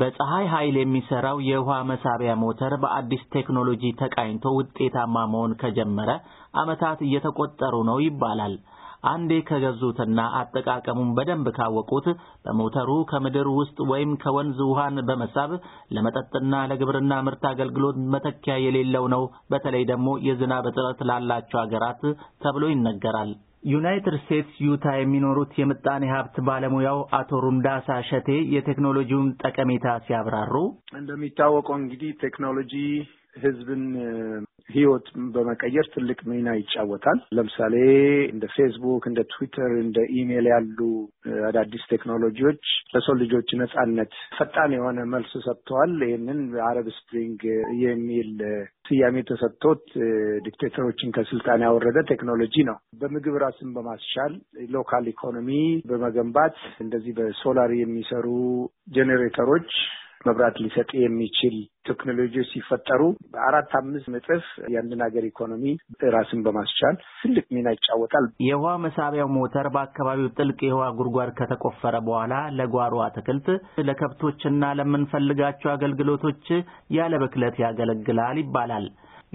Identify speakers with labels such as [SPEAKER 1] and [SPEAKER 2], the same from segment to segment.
[SPEAKER 1] በፀሐይ ኃይል የሚሰራው የውሃ መሳቢያ ሞተር በአዲስ ቴክኖሎጂ ተቃኝቶ ውጤታማ መሆን ከጀመረ ዓመታት እየተቆጠሩ ነው ይባላል። አንዴ ከገዙትና አጠቃቀሙን በደንብ ካወቁት በሞተሩ ከምድር ውስጥ ወይም ከወንዝ ውሃን በመሳብ ለመጠጥና ለግብርና ምርት አገልግሎት መተኪያ የሌለው ነው። በተለይ ደግሞ የዝናብ እጥረት ላላቸው ሀገራት ተብሎ ይነገራል። ዩናይትድ ስቴትስ ዩታ የሚኖሩት የምጣኔ ሀብት ባለሙያው አቶ ሩንዳሳ ሸቴ የቴክኖሎጂውን ጠቀሜታ ሲያብራሩ
[SPEAKER 2] እንደሚታወቀው እንግዲህ ቴክኖሎጂ ህዝብን ህይወት በመቀየር ትልቅ ሚና ይጫወታል። ለምሳሌ እንደ ፌስቡክ፣ እንደ ትዊተር፣ እንደ ኢሜይል ያሉ አዳዲስ ቴክኖሎጂዎች ለሰው ልጆች ነጻነት ፈጣን የሆነ መልስ ሰጥተዋል። ይህንን አረብ ስፕሪንግ የሚል ስያሜ ተሰጥቶት ዲክቴተሮችን ከስልጣን ያወረደ ቴክኖሎጂ ነው። በምግብ ራስን በማስቻል ሎካል ኢኮኖሚ በመገንባት እንደዚህ በሶላር የሚሰሩ ጄኔሬተሮች መብራት ሊሰጥ የሚችል ቴክኖሎጂዎች ሲፈጠሩ በአራት አምስት እጥፍ የአንድን ሀገር ኢኮኖሚ ራስን በማስቻል ትልቅ ሚና ይጫወታል። የውሃ መሳቢያው ሞተር
[SPEAKER 1] በአካባቢው ጥልቅ የውሃ ጉድጓድ ከተቆፈረ በኋላ ለጓሮ አትክልት፣ ለከብቶችና ለምንፈልጋቸው አገልግሎቶች ያለ ብክለት ያገለግላል ይባላል።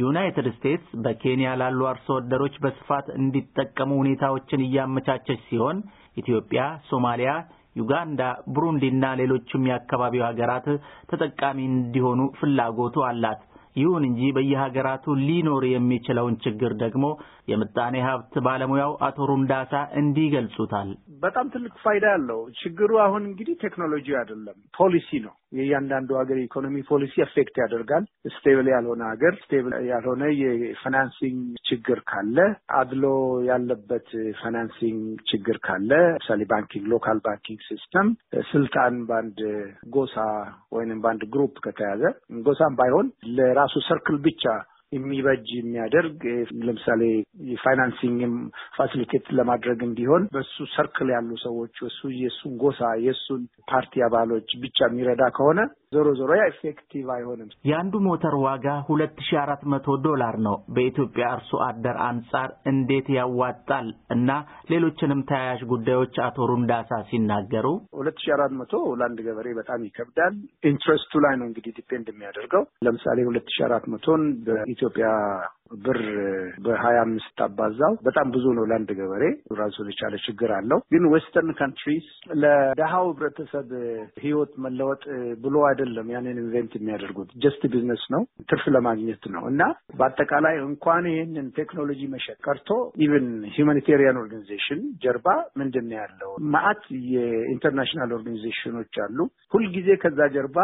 [SPEAKER 1] ዩናይትድ ስቴትስ በኬንያ ላሉ አርሶ አደሮች በስፋት እንዲጠቀሙ ሁኔታዎችን እያመቻቸች ሲሆን ኢትዮጵያ፣ ሶማሊያ ዩጋንዳ፣ ብሩንዲና ሌሎችም የአካባቢው ሀገራት ተጠቃሚ እንዲሆኑ ፍላጎቱ አላት። ይሁን እንጂ በየሀገራቱ ሊኖር የሚችለውን ችግር ደግሞ የምጣኔ ሀብት ባለሙያው አቶ ሩንዳሳ እንዲህ
[SPEAKER 2] ይገልጹታል። በጣም ትልቅ ፋይዳ ያለው ችግሩ አሁን እንግዲህ ቴክኖሎጂ አይደለም፣ ፖሊሲ ነው። የእያንዳንዱ ሀገር የኢኮኖሚ ፖሊሲ አፌክት ያደርጋል። ስቴብል ያልሆነ ሀገር ስቴብል ያልሆነ የፋይናንሲንግ ችግር ካለ፣ አድሎ ያለበት ፋይናንሲንግ ችግር ካለ፣ ለምሳሌ ባንኪንግ ሎካል ባንኪንግ ሲስተም ስልጣን በአንድ ጎሳ ወይም በአንድ ግሩፕ ከተያዘ ጎሳም ባይሆን ለራሱ ሰርክል ብቻ የሚበጅ የሚያደርግ ለምሳሌ የፋይናንሲንግም ፋሲሊቴት ለማድረግም ቢሆን በሱ ሰርክል ያሉ ሰዎች የሱ የሱን ጎሳ የሱን ፓርቲ አባሎች ብቻ የሚረዳ ከሆነ ዞሮ ዞሮ ያ ኢፌክቲቭ አይሆንም።
[SPEAKER 1] የአንዱ ሞተር ዋጋ ሁለት ሺ አራት መቶ ዶላር ነው። በኢትዮጵያ አርሶ አደር አንጻር እንዴት ያዋጣል እና ሌሎችንም ተያያዥ ጉዳዮች አቶ ሩንዳሳ ሲናገሩ
[SPEAKER 2] ሁለት ሺ አራት መቶ ለአንድ ገበሬ በጣም ይከብዳል። ኢንትረስቱ ላይ ነው እንግዲህ ዲፔንድ የሚያደርገው ለምሳሌ ሁለት ሺ አራት መቶን በኢትዮጵያ ብር በሀያ አምስት አባዛው በጣም ብዙ ነው ለአንድ ገበሬ። ራሱን የቻለ ችግር አለው። ግን ዌስተርን ካንትሪስ ለደሃው ህብረተሰብ ህይወት መለወጥ ብሎ አይደለም ያንን ኢንቨንት የሚያደርጉት ጀስት ቢዝነስ ነው፣ ትርፍ ለማግኘት ነው እና በአጠቃላይ እንኳን ይህንን ቴክኖሎጂ መሸጥ ቀርቶ ኢቨን ሂውማኒቴሪያን ኦርጋኒዜሽን ጀርባ ምንድን ነው ያለው? ማአት የኢንተርናሽናል ኦርጋኒዜሽኖች አሉ። ሁልጊዜ ከዛ ጀርባ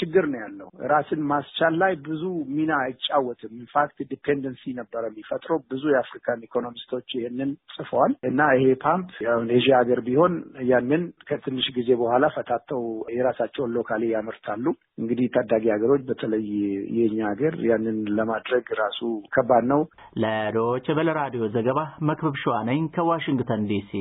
[SPEAKER 2] ችግር ነው ያለው። ራስን ማስቻል ላይ ብዙ ሚና አይጫወትም። ኢንፋክት ዲፔንደንሲ ነበረ የሚፈጥረው። ብዙ የአፍሪካን ኢኮኖሚስቶች ይህንን ጽፈዋል እና ይሄ ፓምፕ ኤዥያ ሀገር ቢሆን ያንን ከትንሽ ጊዜ በኋላ ፈታተው የራሳቸውን ሎካሊ ያመርታሉ። እንግዲህ ታዳጊ ሀገሮች በተለይ የኛ ሀገር ያንን ለማድረግ ራሱ ከባድ ነው።
[SPEAKER 1] ለዶይቼ ቬለ ራዲዮ ዘገባ መክብብ ሸዋ ነኝ ከዋሽንግተን ዲሲ